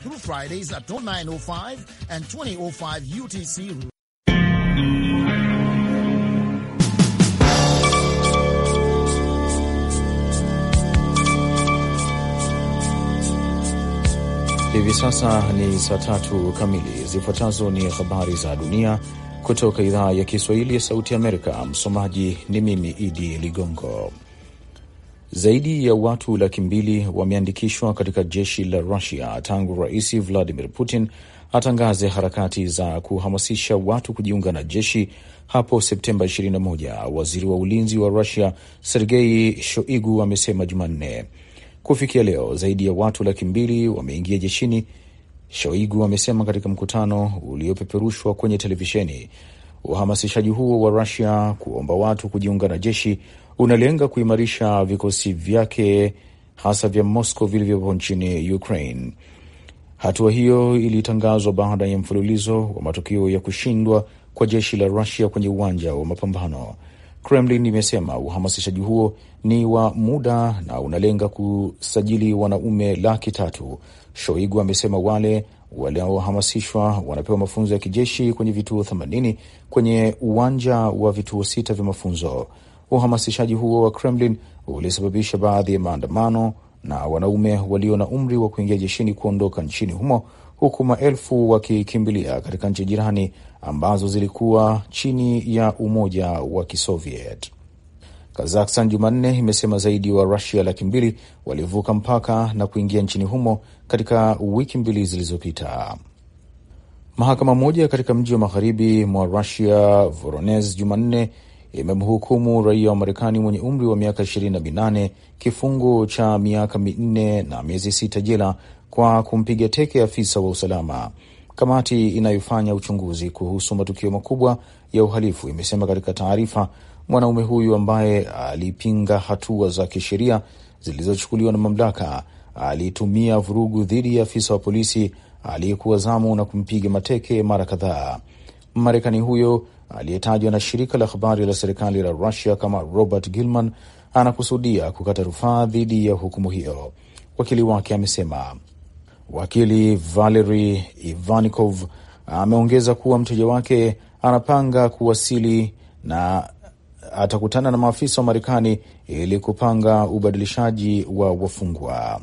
through Fridays at 0905 and 2005 UTC. Hivi sasa ni saa tatu kamili. Zifuatazo ni habari za dunia kutoka idhaa ya Kiswahili ya Sauti Amerika. Msomaji ni mimi Idi Ligongo. Zaidi ya watu laki mbili wameandikishwa katika jeshi la Rusia tangu Rais Vladimir Putin atangaze harakati za kuhamasisha watu kujiunga na jeshi hapo Septemba 21, waziri wa ulinzi wa Rusia Sergei Shoigu amesema Jumanne. Kufikia leo zaidi ya watu laki mbili wameingia jeshini, Shoigu amesema katika mkutano uliopeperushwa kwenye televisheni. Uhamasishaji huo wa Rusia kuomba watu kujiunga na jeshi unalenga kuimarisha vikosi vyake hasa vya Moscow vilivyopo nchini Ukraine. Hatua hiyo ilitangazwa baada ya mfululizo wa matukio ya kushindwa kwa jeshi la Rusia kwenye uwanja wa mapambano. Kremlin imesema uhamasishaji huo ni wa muda na unalenga kusajili wanaume laki tatu. Shoigu amesema wale waliohamasishwa wanapewa mafunzo ya kijeshi kwenye vituo 80 kwenye uwanja wa vituo sita vya mafunzo. Uhamasishaji huo wa Kremlin ulisababisha baadhi ya maandamano na wanaume walio na umri wa kuingia jeshini kuondoka nchini humo, huku maelfu wakikimbilia katika nchi jirani ambazo zilikuwa chini ya Umoja wa Kisoviet. Kazakhstan Jumanne imesema zaidi wa Rusia laki mbili walivuka mpaka na kuingia nchini humo katika wiki mbili zilizopita. Mahakama moja katika mji wa magharibi mwa Rusia, Voronezh, Jumanne imemhukumu raia wa Marekani mwenye umri wa miaka ishirini na minane kifungo cha miaka minne na miezi sita jela kwa kumpiga teke afisa wa usalama. Kamati inayofanya uchunguzi kuhusu matukio makubwa ya uhalifu imesema katika taarifa, mwanaume huyu ambaye alipinga hatua za kisheria zilizochukuliwa na mamlaka alitumia vurugu dhidi ya afisa wa polisi aliyekuwa zamu na kumpiga mateke mara kadhaa. Marekani huyo aliyetajwa na shirika la habari la serikali la Rusia kama Robert Gilman anakusudia kukata rufaa dhidi ya hukumu hiyo, wakili wake amesema. Wakili Valery Ivanikov ameongeza kuwa mteja wake anapanga kuwasili na atakutana na maafisa wa Marekani ili kupanga ubadilishaji wa wafungwa.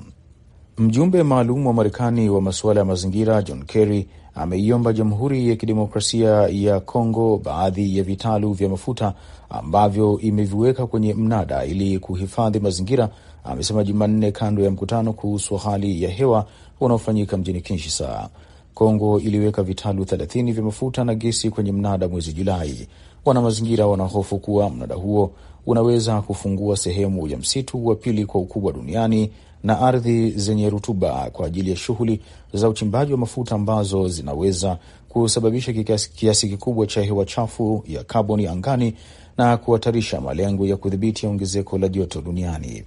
Mjumbe maalum wa Marekani wa masuala ya mazingira John Kerry ameiomba Jamhuri ya Kidemokrasia ya Kongo baadhi ya vitalu vya mafuta ambavyo imeviweka kwenye mnada ili kuhifadhi mazingira, amesema Jumanne kando ya mkutano kuhusu hali ya hewa unaofanyika mjini Kinshasa. Kongo iliweka vitalu 30 vya mafuta na gesi kwenye mnada mwezi Julai. Wanamazingira wanahofu kuwa mnada huo unaweza kufungua sehemu ya msitu wa pili kwa ukubwa duniani na ardhi zenye rutuba kwa ajili ya shughuli za uchimbaji wa mafuta ambazo zinaweza kusababisha kiasi kikubwa cha hewa chafu ya kaboni angani na kuhatarisha malengo ya kudhibiti ongezeko la joto duniani.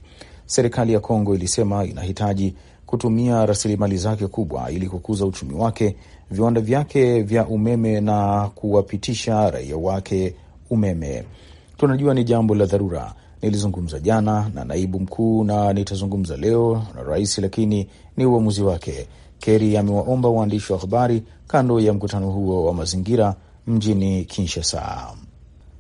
Serikali ya Kongo ilisema inahitaji kutumia rasilimali zake kubwa ili kukuza uchumi wake, viwanda vyake vya umeme na kuwapitisha raia wake umeme. Tunajua ni jambo la dharura, Nilizungumza jana na naibu mkuu na nitazungumza leo na rais, lakini ni uamuzi wake. Keri amewaomba waandishi wa habari kando ya mkutano huo wa mazingira mjini Kinshasa.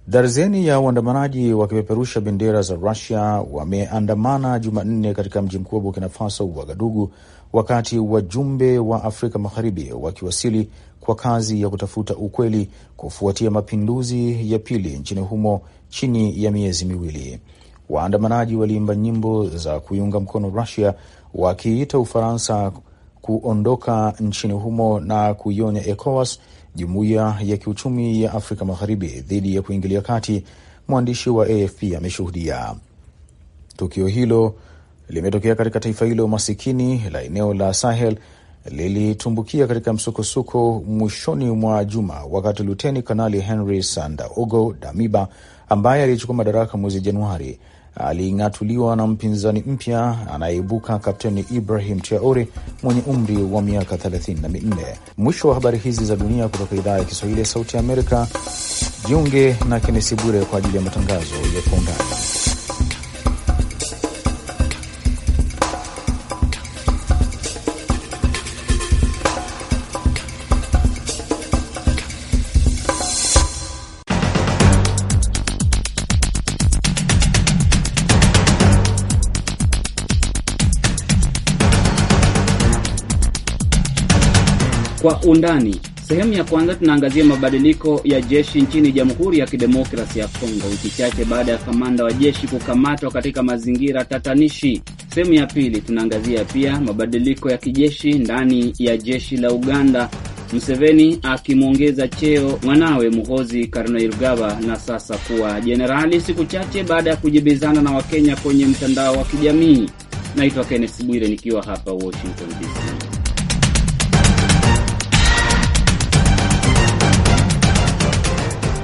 Darzeni ya waandamanaji wakipeperusha bendera za Rusia wameandamana Jumanne katika mji mkuu wa Burkina Faso, Wagadugu, wakati wajumbe wa Afrika Magharibi wakiwasili kwa kazi ya kutafuta ukweli kufuatia mapinduzi ya pili nchini humo chini ya miezi miwili. Waandamanaji waliimba nyimbo za kuiunga mkono Rusia wakiita Ufaransa kuondoka nchini humo na kuionya ECOWAS, jumuiya ya kiuchumi ya Afrika Magharibi, dhidi ya kuingilia kati. Mwandishi wa AFP ameshuhudia tukio hilo limetokea katika taifa hilo masikini la eneo la Sahel lilitumbukia katika msukosuko mwishoni mwa juma wakati Luteni Kanali Henry Sandaogo Damiba ambaye aliyechukua madaraka mwezi Januari aliing'atuliwa na mpinzani mpya anayeibuka Kapteni Ibrahim Traore mwenye umri wa miaka 34. Mwisho wa habari hizi za dunia kutoka idhaa ya Kiswahili ya Sauti ya Amerika. Jiunge na Kenesi Bure kwa ajili ya matangazo ya kwa undani. Kwa undani sehemu ya kwanza, tunaangazia mabadiliko ya jeshi nchini Jamhuri ya Kidemokrasia ya Kongo, wiki chache baada ya kamanda wa jeshi kukamatwa katika mazingira tatanishi. Sehemu ya pili, tunaangazia pia mabadiliko ya kijeshi ndani ya jeshi la Uganda, Museveni akimwongeza cheo mwanawe Muhozi Kainerugaba na sasa kuwa jenerali, siku chache baada ya kujibizana na Wakenya kwenye mtandao wa kijamii. Naitwa Kenneth Bwire nikiwa hapa Washington DC.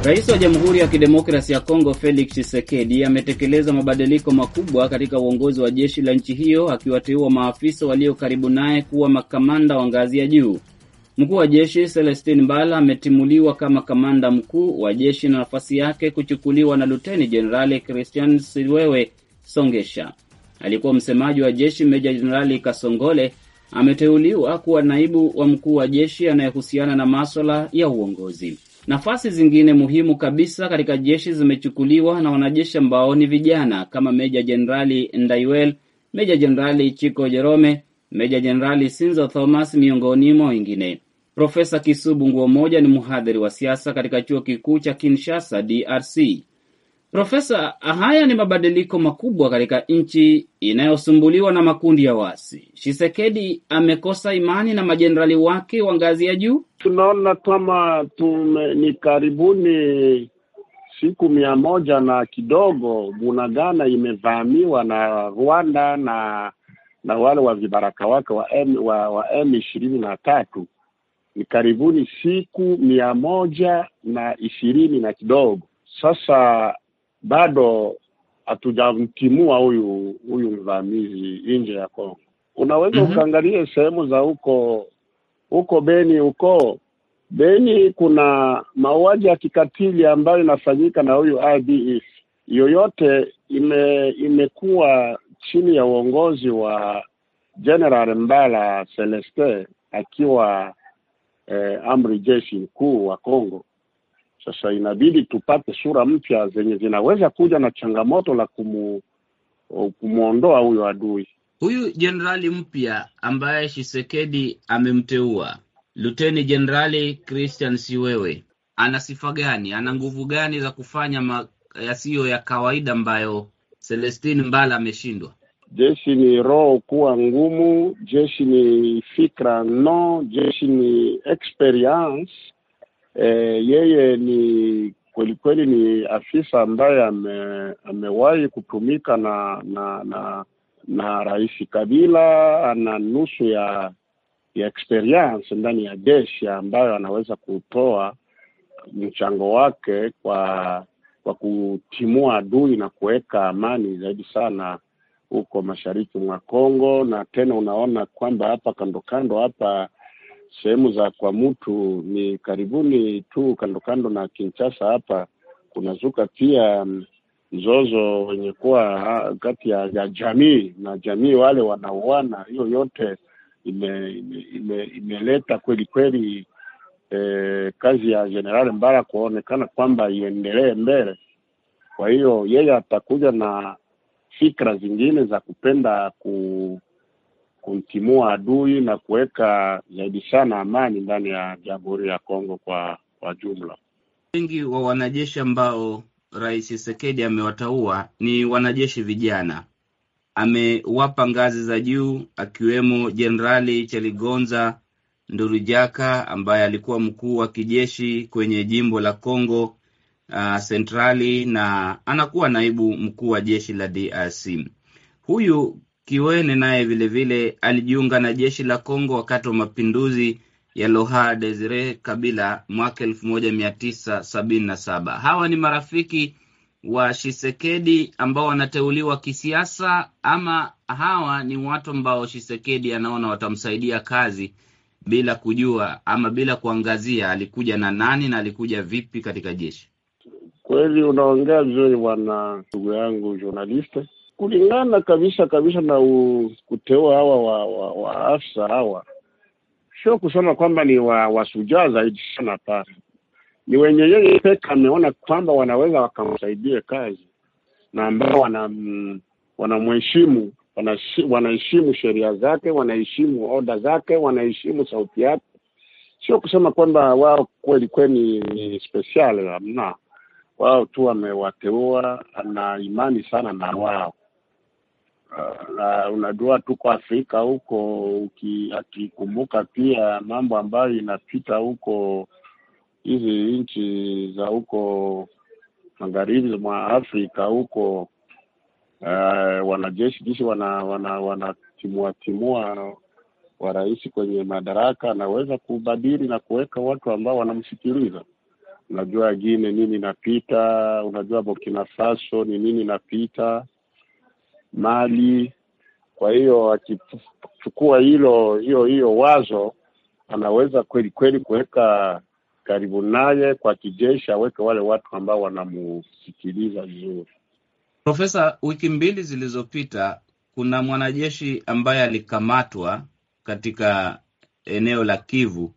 Rais wa Jamhuri ya Kidemokrasi ya Kongo Felix Tshisekedi ametekeleza mabadiliko makubwa katika uongozi wa jeshi la nchi hiyo akiwateua maafisa walio karibu naye kuwa makamanda wa ngazi ya juu. Mkuu wa jeshi Celestin Mbala ametimuliwa kama kamanda mkuu wa jeshi na nafasi yake kuchukuliwa na Luteni Jenerali Christian Siwewe Songesha. aliyekuwa msemaji wa jeshi Meja Jenerali Kasongole ameteuliwa kuwa naibu wa mkuu wa jeshi anayehusiana na maswala ya uongozi. Nafasi zingine muhimu kabisa katika jeshi zimechukuliwa na wanajeshi ambao ni vijana kama Meja Jenerali Ndaiwel, Meja Jenerali Chiko Jerome, Meja Jenerali Sinzo Thomas, miongoni mwa wengine. Profesa Kisubu Nguo Moja ni mhadhiri wa siasa katika chuo kikuu cha Kinshasa, DRC. Profesa, haya ni mabadiliko makubwa katika nchi inayosumbuliwa na makundi ya wasi. Shisekedi amekosa imani na majenerali wake wa ngazi ya juu. Tunaona kama tume, ni karibuni siku mia moja na kidogo Bunagana imevamiwa na Rwanda na na wale wa vibaraka wake wa M wa, wa M ishirini na tatu. Ni karibuni siku mia moja na ishirini na kidogo sasa bado hatujamtimua huyu huyu mvamizi nje ya Kongo. Unaweza mm -hmm. ukaangalia sehemu za huko huko Beni, huko Beni kuna mauaji ya kikatili ambayo inafanyika na huyu IDF Yoyote ime, imekuwa chini ya uongozi wa General Mbala Celeste akiwa eh, amri jeshi mkuu wa Kongo sasa inabidi tupate sura mpya zenye zinaweza kuja na changamoto la kumu, uh, kumwondoa huyo adui. Huyu jenerali mpya ambaye Shisekedi amemteua Luteni Jenerali Christian Siwewe ana sifa gani? Ana nguvu gani za kufanya yasiyo ya kawaida ambayo Celestine Mbala ameshindwa? Jeshi ni roho kuwa ngumu, jeshi ni fikra no, jeshi ni experience E, yeye ni kweli kweli ni afisa ambaye ame, amewahi kutumika na na na, na Rais Kabila. Ana nusu ya ya experience ndani ya jeshi ambayo anaweza kutoa mchango wake kwa kwa kutimua adui na kuweka amani zaidi sana huko mashariki mwa Kongo, na tena unaona kwamba hapa kando kando hapa sehemu za kwa mtu ni karibuni tu kando kando na Kinshasa hapa kunazuka pia mm, mzozo wenye kuwa kati ya, ya jamii na jamii wale wanauana. Hiyo yote imeleta ime, ime, ime kweli kweli eh, kazi ya General Mbara kuonekana kwamba iendelee mbele. Kwa hiyo yeye atakuja na fikra zingine za kupenda ku kumtimua adui na kuweka zaidi sana amani ndani ya Jamhuri ya Kongo kwa kwa jumla. Wengi wa wanajeshi ambao Rais Tshisekedi amewataua ni wanajeshi vijana, amewapa ngazi za juu, akiwemo Jenerali Chaligonza Ndurujaka ambaye alikuwa mkuu wa kijeshi kwenye jimbo la Kongo uh, na anakuwa naibu mkuu wa jeshi la DRC. Huyu Kiwene naye vilevile alijiunga na jeshi la Kongo wakati wa mapinduzi ya Loha Desire Kabila mwaka elfu moja mia tisa sabini na saba. Hawa ni marafiki wa Shisekedi ambao wanateuliwa kisiasa, ama hawa ni watu ambao Shisekedi anaona watamsaidia kazi bila kujua ama bila kuangazia alikuja na nani na alikuja vipi katika jeshi. Kweli unaongea vizuri bwana ndugu yangu journalist, kulingana kabisa kabisa na u, kuteua hawa wa, wa, wa afsa hawa sio kusema kwamba ni wa wasujaa zaidi sana, pale Ni wenye yeye peke ameona kwamba wanaweza wakamsaidie kazi na ambao wana wanamheshimu wanaheshimu sheria zake, wanaheshimu oda zake, wanaheshimu sauti yake. Sio kusema kwamba wao kweli kweli ni special, hamna. Wao tu wamewateua, ana imani sana na wao na unajua tuko Afrika huko, akikumbuka pia mambo ambayo inapita huko hizi nchi za huko magharibi mwa Afrika huko, uh, wanajeshi jeshi wana wana wanatimua timua warais kwenye madaraka, anaweza kubadili na kuweka watu ambao wanamsikiliza. Unajua Gine nini inapita, unajua Burkina Faso ni nini inapita mali. Kwa hiyo akichukua hilo hiyo hiyo wazo, anaweza kweli kweli kuweka karibu naye kwa kijeshi, aweke wale watu ambao wanamsikiliza vizuri. Profesa, wiki mbili zilizopita kuna mwanajeshi ambaye alikamatwa katika eneo la Kivu,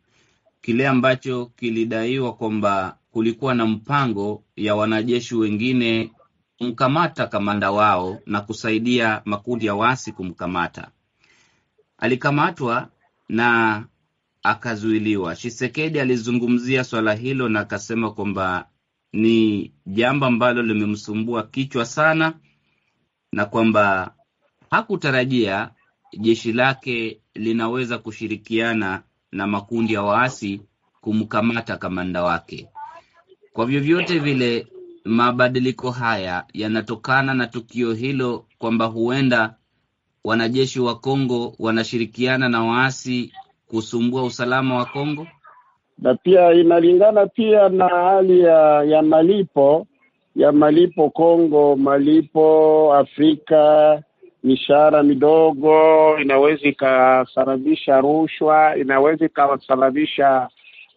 kile ambacho kilidaiwa kwamba kulikuwa na mpango ya wanajeshi wengine kumkamata kamanda wao na kusaidia makundi ya waasi kumkamata. Alikamatwa na akazuiliwa. Shisekedi alizungumzia swala hilo na akasema kwamba ni jambo ambalo limemsumbua kichwa sana na kwamba hakutarajia jeshi lake linaweza kushirikiana na makundi ya waasi kumkamata kamanda wake. Kwa vyovyote vile, mabadiliko haya yanatokana na tukio hilo kwamba huenda wanajeshi wa Kongo wanashirikiana na waasi kusumbua usalama wa Kongo, na pia inalingana pia na hali ya, ya malipo ya malipo Kongo, malipo Afrika, mishahara midogo inaweza ikasababisha rushwa, inaweza ikasababisha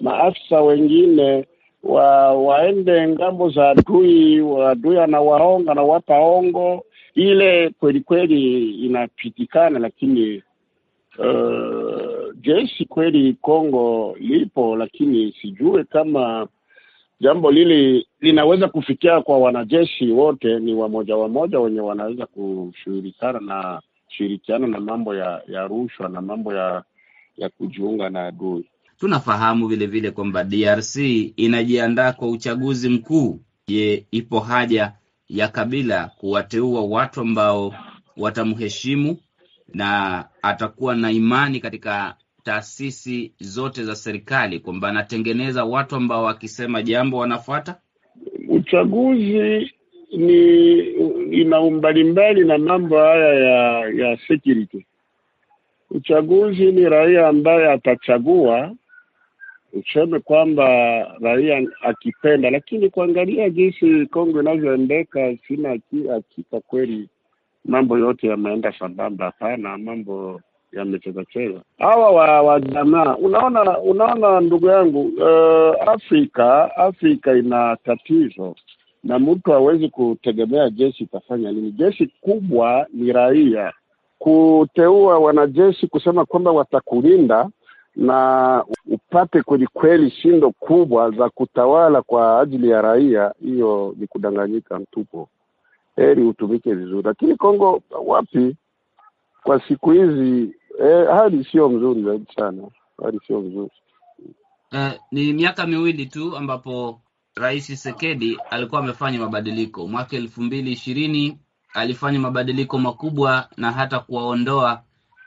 maafisa wengine wa, waende ngambo za adui, adui anawaonga anawapa ongo ile kweli kweli inapitikana, lakini uh, jeshi kweli Kongo lipo, lakini sijue kama jambo lili linaweza kufikia kwa wanajeshi wote, ni wamoja wamoja wenye wanaweza kushirikana na shirikiana na mambo ya, ya rushwa na mambo ya ya kujiunga na adui. Tunafahamu vilevile kwamba DRC inajiandaa kwa uchaguzi mkuu. Je, ipo haja ya Kabila kuwateua watu ambao watamheshimu na atakuwa na imani katika taasisi zote za serikali kwamba anatengeneza watu ambao wakisema jambo wanafuata? Uchaguzi ni ina umbalimbali na mambo haya ya ya security. Uchaguzi ni raia ambaye atachagua useme kwamba raia akipenda, lakini kuangalia jinsi Kongo inavyoendeka, sina hakika kweli mambo yote yameenda sambamba. Hapana, mambo yamechezacheza hawa wa wa jamaa. Unaona, unaona ndugu yangu, uh, Afrika Afrika ina tatizo na mtu hawezi kutegemea jeshi itafanya nini. Jeshi kubwa ni raia. Kuteua wanajeshi kusema kwamba watakulinda na upate kweli kweli shindo kubwa za kutawala kwa ajili ya raia, hiyo ni kudanganyika mtupo Heri utumike vizuri, lakini Kongo wapi, kwa siku hizi eh, hali sio mzuri zaidi sana, hali sio mzuri uh, ni miaka miwili tu ambapo Rais sekedi alikuwa amefanya mabadiliko. Mwaka elfu mbili ishirini alifanya mabadiliko makubwa na hata kuwaondoa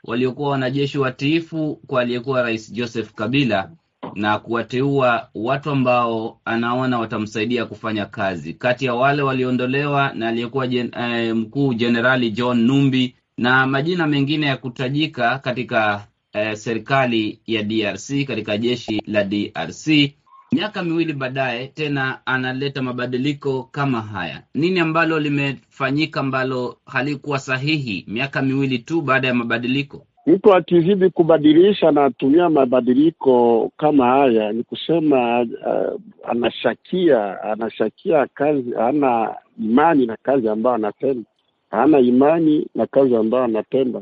waliokuwa wanajeshi watiifu kwa aliyekuwa Rais Joseph Kabila na kuwateua watu ambao anaona watamsaidia kufanya kazi. Kati ya wale waliondolewa na aliyekuwa jen, eh, mkuu Jenerali John Numbi na majina mengine ya kutajika katika eh, serikali ya DRC katika jeshi la DRC Miaka miwili baadaye tena analeta mabadiliko kama haya. Nini ambalo limefanyika ambalo halikuwa sahihi miaka miwili tu baada ya mabadiliko? Mtu akizidi kubadilisha na atumia mabadiliko kama haya, ni kusema uh, anashakia anashakia kazi, ana imani na kazi ambayo anatenda, ana imani na kazi ambayo anatenda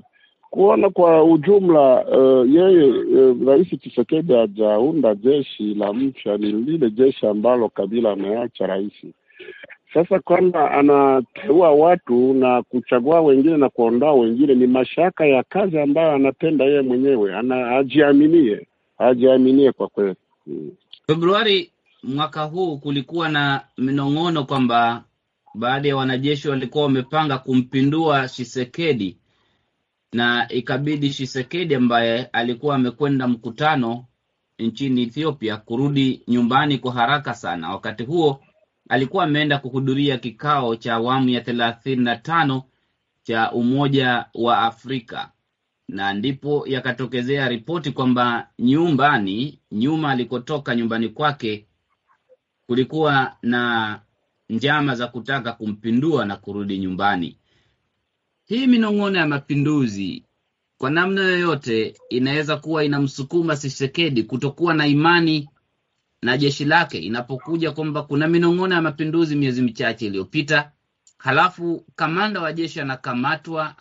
kuona kwa ujumla uh, yeye uh, Rais Chisekedi hajaunda jeshi la mpya, ni lile jeshi ambalo Kabila ameacha rais. Sasa kwamba anateua watu na kuchagua wengine na kuondoa wengine, ni mashaka ya kazi ambayo anatenda yeye mwenyewe, ana ajiaminie, ajiaminie kwa kweli. hmm. Februari mwaka huu kulikuwa na minong'ono kwamba baadhi ya wanajeshi walikuwa wamepanga kumpindua chisekedi na ikabidi Shisekedi ambaye alikuwa amekwenda mkutano nchini Ethiopia kurudi nyumbani kwa haraka sana. Wakati huo alikuwa ameenda kuhudhuria kikao cha awamu ya thelathini na tano cha Umoja wa Afrika, na ndipo yakatokezea ripoti kwamba nyumbani, nyuma alikotoka nyumbani kwake, kulikuwa na njama za kutaka kumpindua na kurudi nyumbani. Hii minong'ono ya mapinduzi kwa namna yoyote inaweza kuwa inamsukuma sisekedi kutokuwa na imani na jeshi lake inapokuja kwamba kuna minong'ono ya mapinduzi miezi michache iliyopita, halafu kamanda wa jeshi anakamatwa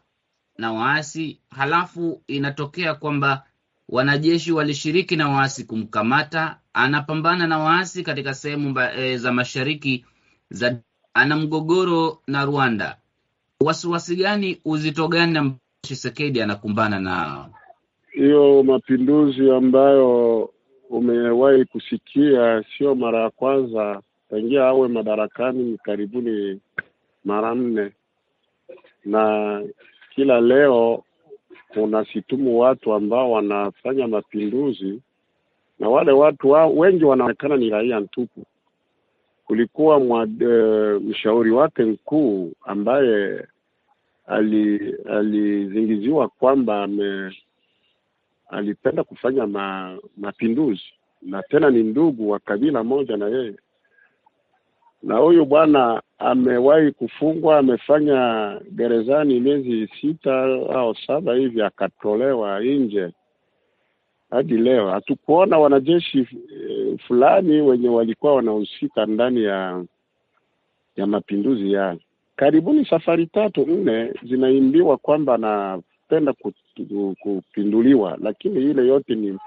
na waasi, halafu inatokea kwamba wanajeshi walishiriki na waasi kumkamata, anapambana na waasi katika sehemu e, za mashariki za, ana mgogoro na Rwanda wasiwasi gani, uzito gani ambao chisekedi anakumbana nao? Hiyo mapinduzi ambayo umewahi kusikia, sio mara ya kwanza tangia awe madarakani, ni karibuni mara nne, na kila leo unasitumu watu ambao wanafanya mapinduzi, na wale watu wa, wengi wanaonekana ni raia ntupu. Kulikuwa mwad, e, eh, mshauri wake mkuu ambaye alizingiziwa ali kwamba ame, alipenda kufanya ma, mapinduzi na tena ni ndugu wa kabila moja na yeye, na huyu bwana amewahi kufungwa, amefanya gerezani miezi sita au saba hivi, akatolewa nje. Hadi leo hatukuona wanajeshi eh, fulani wenye walikuwa wanahusika ndani ya ya mapinduzi yale karibuni safari tatu nne zinaimbiwa kwamba anapenda kupinduliwa, lakini ile yote ni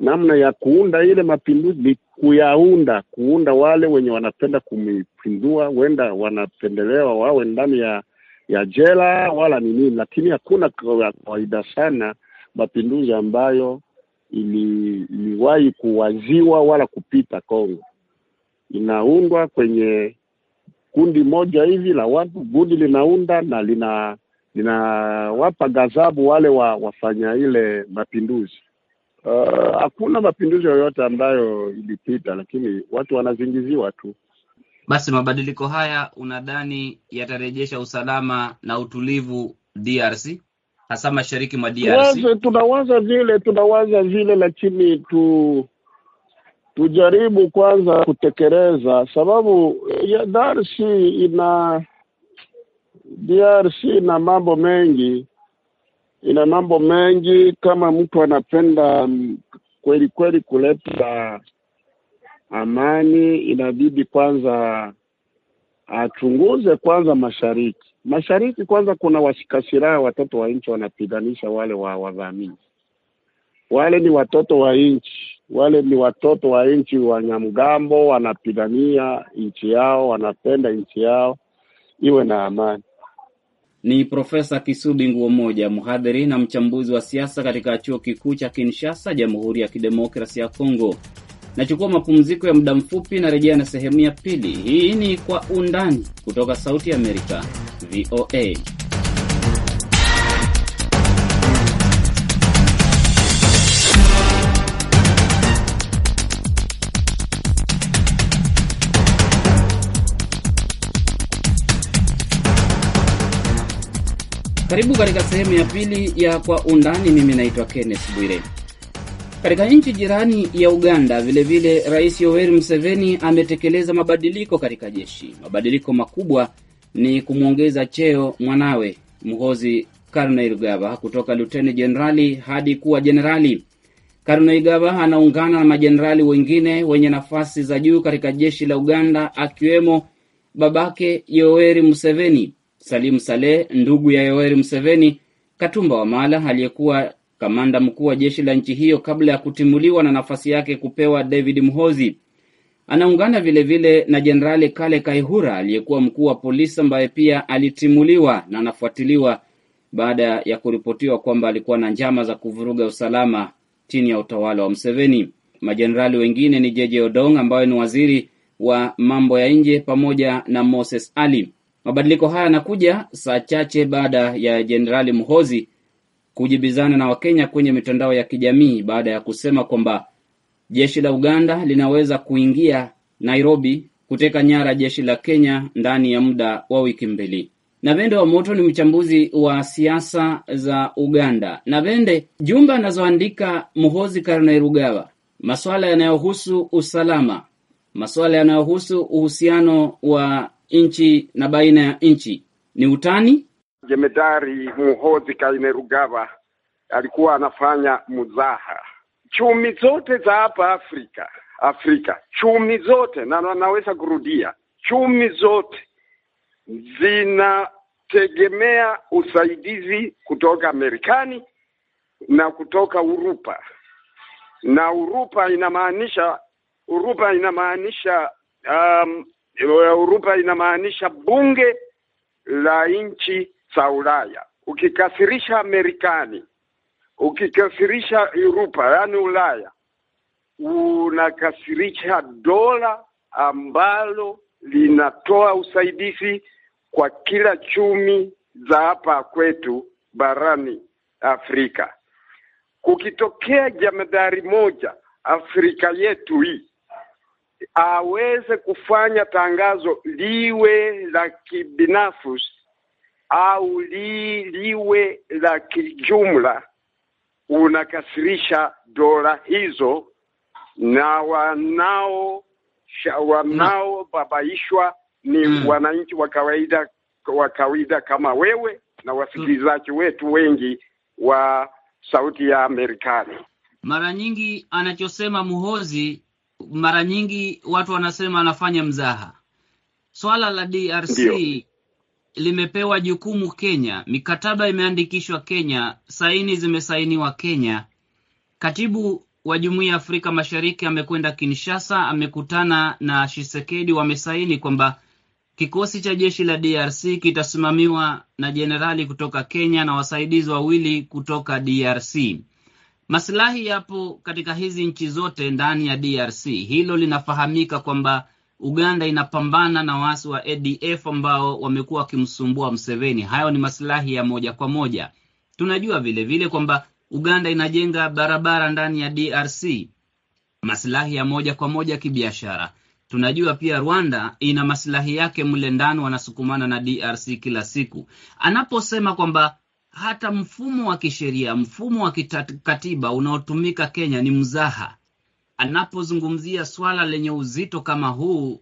namna ya kuunda ile mapinduzi, ni kuyaunda, kuunda wale wenye wanapenda kumipindua. Huenda wanapendelewa wawe ndani ya ya jela wala ni nini, lakini hakuna kawaida sana mapinduzi ambayo ili, iliwahi kuwaziwa wala kupita Kongo, inaundwa kwenye kundi moja hivi la watu, gundi linaunda na lina linawapa ghadhabu wale wa, wafanya ile mapinduzi. Uh, hakuna mapinduzi yoyote ambayo ilipita, lakini watu wanazingiziwa tu. Basi mabadiliko haya unadhani yatarejesha usalama na utulivu DRC, hasa mashariki mwa DRC? Tunawaza vile, tunawaza vile, lakini tu tujaribu kwanza kutekeleza, sababu ya DRC ina DRC ina mambo mengi, ina mambo mengi. Kama mtu anapenda kweli kweli kuleta amani, inabidi kwanza achunguze kwanza mashariki. Mashariki kwanza kuna washikasiraha, watoto wa nchi wanapiganisha wale wa wavamizi, wale ni watoto wa nchi wale ni watoto wa nchi wanyamgambo, wanapigania nchi yao, wanapenda nchi yao iwe na amani. Ni Profesa Kisubi Nguo Moja, mhadhiri na mchambuzi wa siasa katika chuo kikuu cha Kinshasa, Jamhuri ya Kidemokrasi ya Kongo. Nachukua mapumziko ya muda mfupi, narejea na sehemu ya pili. Hii ni Kwa Undani kutoka Sauti ya Amerika, VOA. Karibu katika sehemu ya pili ya Kwa Undani. Mimi naitwa Kenneth Bwire. Katika nchi jirani ya Uganda vilevile Rais Yoweri Museveni ametekeleza mabadiliko katika jeshi. Mabadiliko makubwa ni kumwongeza cheo mwanawe Muhoozi Kainerugaba kutoka luteni jenerali hadi kuwa jenerali. Kainerugaba anaungana na majenerali wengine wenye nafasi za juu katika jeshi la Uganda akiwemo babake Yoweri Museveni. Salim Saleh, ndugu ya Yoweri Museveni, Katumba Wamala aliyekuwa kamanda mkuu wa jeshi la nchi hiyo kabla ya kutimuliwa na nafasi yake kupewa David mhozi Anaungana vilevile vile na Jenerali Kale Kaihura aliyekuwa mkuu wa polisi ambaye pia alitimuliwa na anafuatiliwa baada ya kuripotiwa kwamba alikuwa na njama za kuvuruga usalama chini ya utawala wa Museveni. Majenerali wengine ni Jeje Odong ambaye ni waziri wa mambo ya nje pamoja na Moses Ali. Mabadiliko haya yanakuja saa chache baada ya Jenerali mhozi kujibizana na Wakenya kwenye mitandao ya kijamii baada ya kusema kwamba jeshi la Uganda linaweza kuingia Nairobi kuteka nyara jeshi la Kenya ndani ya muda wa wiki mbili. Navende wa Moto ni mchambuzi wa siasa za Uganda. Navende, jumbe anazoandika Muhozi Kainerugaba, masuala yanayohusu usalama, masuala yanayohusu uhusiano wa nchi na baina ya nchi ni utani. Jemedari Muhozi Kainerugaba alikuwa anafanya mzaha. Chumi zote za hapa Afrika, Afrika chumi zote, na naweza kurudia, chumi zote zinategemea usaidizi kutoka Amerikani na kutoka Urupa, na Urupa inamaanisha Urupa inamaanisha um, Jumuiya ya Urupa inamaanisha bunge la nchi za Ulaya. Ukikasirisha amerikani ukikasirisha Urupa, yaani Ulaya, unakasirisha dola ambalo linatoa usaidizi kwa kila chumi za hapa kwetu barani Afrika. Kukitokea jamadari moja Afrika yetu hii aweze kufanya tangazo liwe la kibinafsi au li, liwe la kijumla, unakasirisha dola hizo na wanao wanaobabaishwa hmm. ni mm. wananchi wa kawaida wa kawaida kama wewe na wasikilizaji hmm. wetu wengi wa Sauti ya Amerikani. Mara nyingi anachosema Muhozi mara nyingi watu wanasema anafanya mzaha. Swala la DRC limepewa jukumu Kenya, mikataba imeandikishwa Kenya, saini zimesainiwa Kenya. Katibu wa Jumuiya ya Afrika Mashariki amekwenda Kinshasa, amekutana na Shisekedi, wamesaini kwamba kikosi cha jeshi la DRC kitasimamiwa na jenerali kutoka Kenya na wasaidizi wawili kutoka DRC. Masilahi yapo katika hizi nchi zote ndani ya DRC. Hilo linafahamika kwamba Uganda inapambana na waasi wa ADF ambao wamekuwa wakimsumbua Mseveni. Hayo ni masilahi ya moja kwa moja. Tunajua vile vile kwamba Uganda inajenga barabara ndani ya DRC, masilahi ya moja kwa moja kibiashara. Tunajua pia Rwanda ina masilahi yake mle ndani, wanasukumana na DRC kila siku. Anaposema kwamba hata mfumo wa kisheria, mfumo wa kikatiba unaotumika Kenya ni mzaha. Anapozungumzia swala lenye uzito kama huu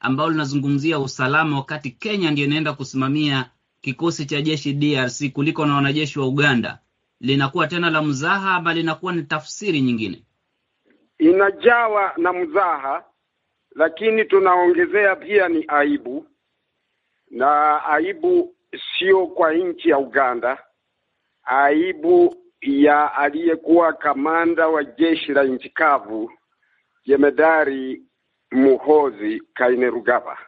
ambao linazungumzia usalama, wakati Kenya ndio inaenda kusimamia kikosi cha jeshi DRC kuliko na wanajeshi wa Uganda, linakuwa tena la mzaha ama linakuwa ni tafsiri nyingine? Inajawa na mzaha, lakini tunaongezea pia ni aibu na aibu sio kwa nchi ya Uganda, aibu ya aliyekuwa kamanda wa jeshi la nchi kavu jemedari Muhozi Kainerugaba.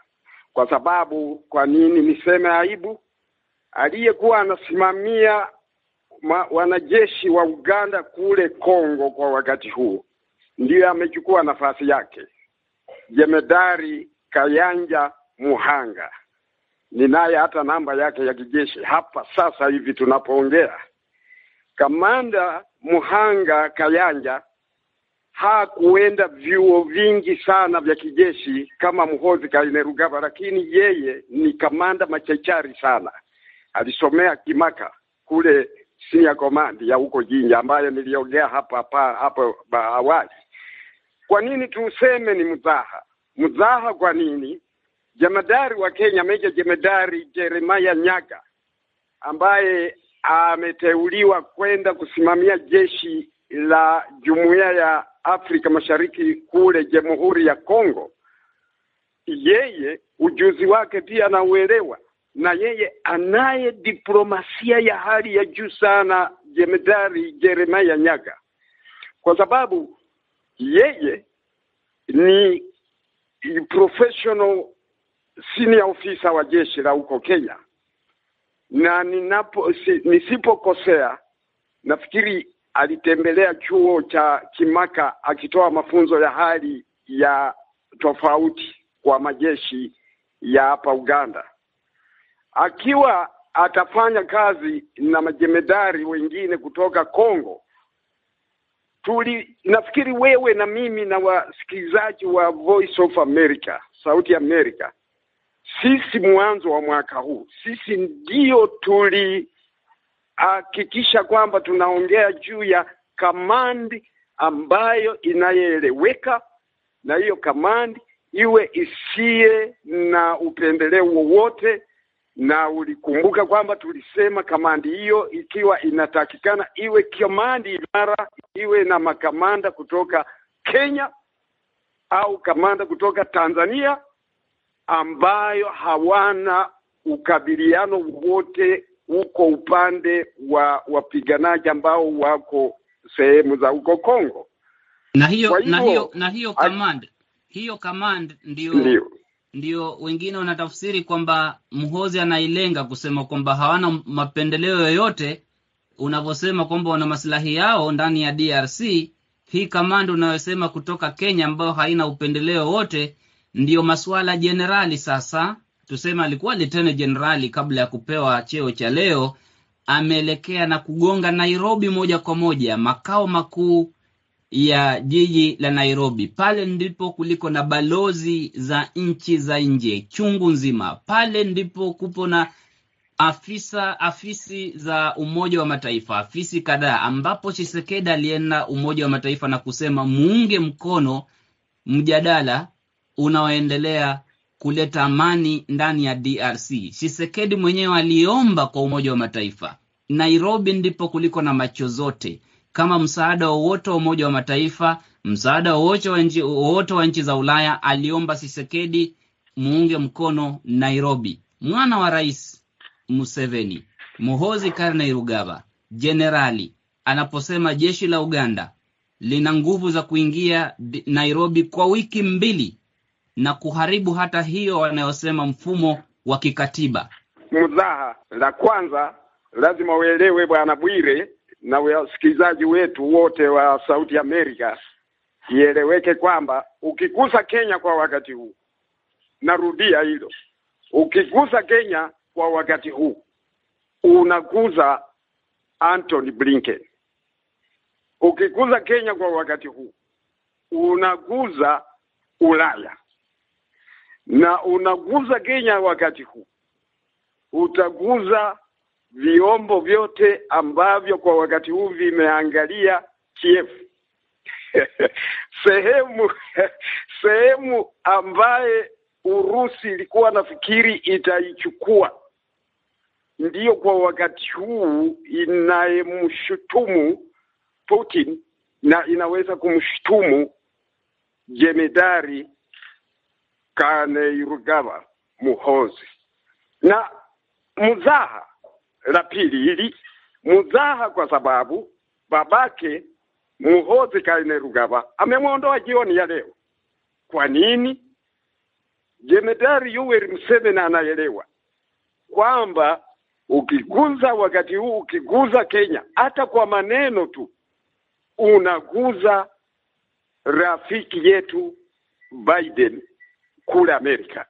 Kwa sababu, kwa nini niseme aibu? Aliyekuwa anasimamia wanajeshi wa Uganda kule Kongo kwa wakati huo ndiyo amechukua nafasi yake, jemedari Kayanja Muhanga ninaye hata namba yake ya kijeshi hapa sasa hivi tunapoongea. Kamanda Muhanga Kayanja hakuenda vyuo vingi sana vya kijeshi kama mhozi Kainerugaba, lakini yeye ni kamanda machachari sana. Alisomea Kimaka kule sinia komandi ya huko Jinja, ambayo niliongea hapa hapa hapo awali. Kwa nini tuseme ni mzaha? Mzaha kwa nini? Jemadari wa Kenya Meja Jemadari Jeremiah Nyaga ambaye ameteuliwa kwenda kusimamia jeshi la Jumuiya ya Afrika Mashariki kule Jamhuri ya Kongo. Yeye ujuzi wake pia anauelewa, na yeye anaye diplomasia ya hali ya juu sana, Jemedari Jeremaya Nyaga, kwa sababu yeye ni professional sini ya ofisa wa jeshi la huko Kenya, na ninapo si, nisipokosea nafikiri alitembelea chuo cha Kimaka akitoa mafunzo ya hali ya tofauti kwa majeshi ya hapa Uganda, akiwa atafanya kazi na majemedari wengine kutoka Kongo. Tuli nafikiri wewe na mimi na wasikilizaji wa Voice of America, sauti America, sisi mwanzo wa mwaka huu sisi ndiyo tulihakikisha kwamba tunaongea juu ya kamandi ambayo inayeeleweka, na hiyo kamandi iwe isiye na upendeleo wowote, na ulikumbuka kwamba tulisema kamandi hiyo ikiwa inatakikana iwe kamandi imara, iwe na makamanda kutoka Kenya au kamanda kutoka Tanzania ambayo hawana ukabiliano wote huko upande wa wapiganaji ambao wako sehemu za huko Kongo. Na hiyo hiyo, na hiyo na hiyo command hiyo command ndio, ndio ndio wengine wanatafsiri kwamba Mhozi anailenga kusema kwamba hawana mapendeleo yoyote, unavyosema kwamba wana maslahi yao ndani ya DRC. Hii kamanda unayosema kutoka Kenya ambayo haina upendeleo wote ndiyo masuala jenerali. Sasa tuseme alikuwa litene jenerali kabla ya kupewa cheo cha leo, ameelekea na kugonga Nairobi moja kwa moja, makao makuu ya jiji la Nairobi. Pale ndipo kuliko na balozi za nchi za nje chungu nzima. Pale ndipo kupo na afisa afisi za Umoja wa Mataifa, afisi kadhaa, ambapo Chisekedi alienda Umoja wa Mataifa na kusema muunge mkono mjadala unaoendelea kuleta amani ndani ya DRC. Shisekedi mwenyewe aliomba kwa Umoja wa Mataifa. Nairobi ndipo kuliko na macho zote, kama msaada wowote wa Umoja wa Mataifa, msaada wowote wa nchi za Ulaya. Aliomba Shisekedi muunge mkono Nairobi. Mwana wa Rais Museveni, Muhozi Kainerugaba, jenerali anaposema jeshi la Uganda lina nguvu za kuingia Nairobi kwa wiki mbili na kuharibu hata hiyo wanayosema mfumo wa kikatiba. Mzaha la kwanza lazima uelewe, Bwana Bwire na wasikilizaji wetu wote wa Sauti Amerika, ieleweke kwamba ukigusa Kenya kwa wakati huu, narudia hilo, ukigusa Kenya kwa wakati huu unaguza Anthony Blinken. Ukiguza Kenya kwa wakati huu unaguza Ulaya na unaguza Kenya wakati huu, utaguza vyombo vyote ambavyo kwa wakati huu vimeangalia chief sehemu sehemu ambaye Urusi ilikuwa nafikiri itaichukua, ndiyo kwa wakati huu inayemshutumu Putin na inaweza kumshutumu jemedari Kane Rugaba Muhozi na Muzaha. La pili hili Muzaha, kwa sababu babake Muhozi Kane Rugaba amemwondoa jioni ya leo. Kwa nini? Jemedari Yoweri Museveni anaelewa kwamba ukiguza wakati huu, ukiguza Kenya hata kwa maneno tu, unaguza rafiki yetu Biden kule Amerika.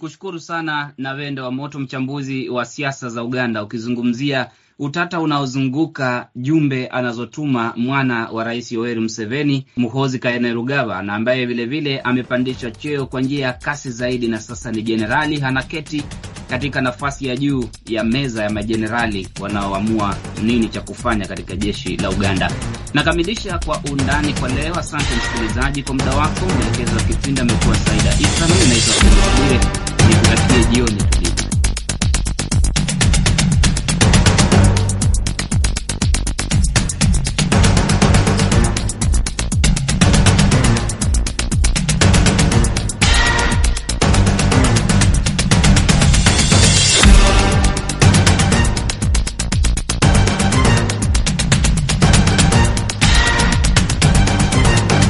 Kushukuru sana na wendo wa Moto, mchambuzi wa siasa za Uganda, ukizungumzia utata unaozunguka jumbe anazotuma mwana wa Rais Yoweri Museveni, Muhoozi Kainerugaba, na ambaye vilevile amepandishwa cheo kwa njia ya kasi zaidi, na sasa ni jenerali, hanaketi katika nafasi ya juu ya meza ya majenerali wanaoamua nini cha kufanya katika jeshi la Uganda. Nakamilisha kwa undani kwa leo. Asante msikilizaji kwa muda wako. mwelekezo wa kipindi amekuwa Saida Isa, mimi naitwa Bure, nikutakie jioni.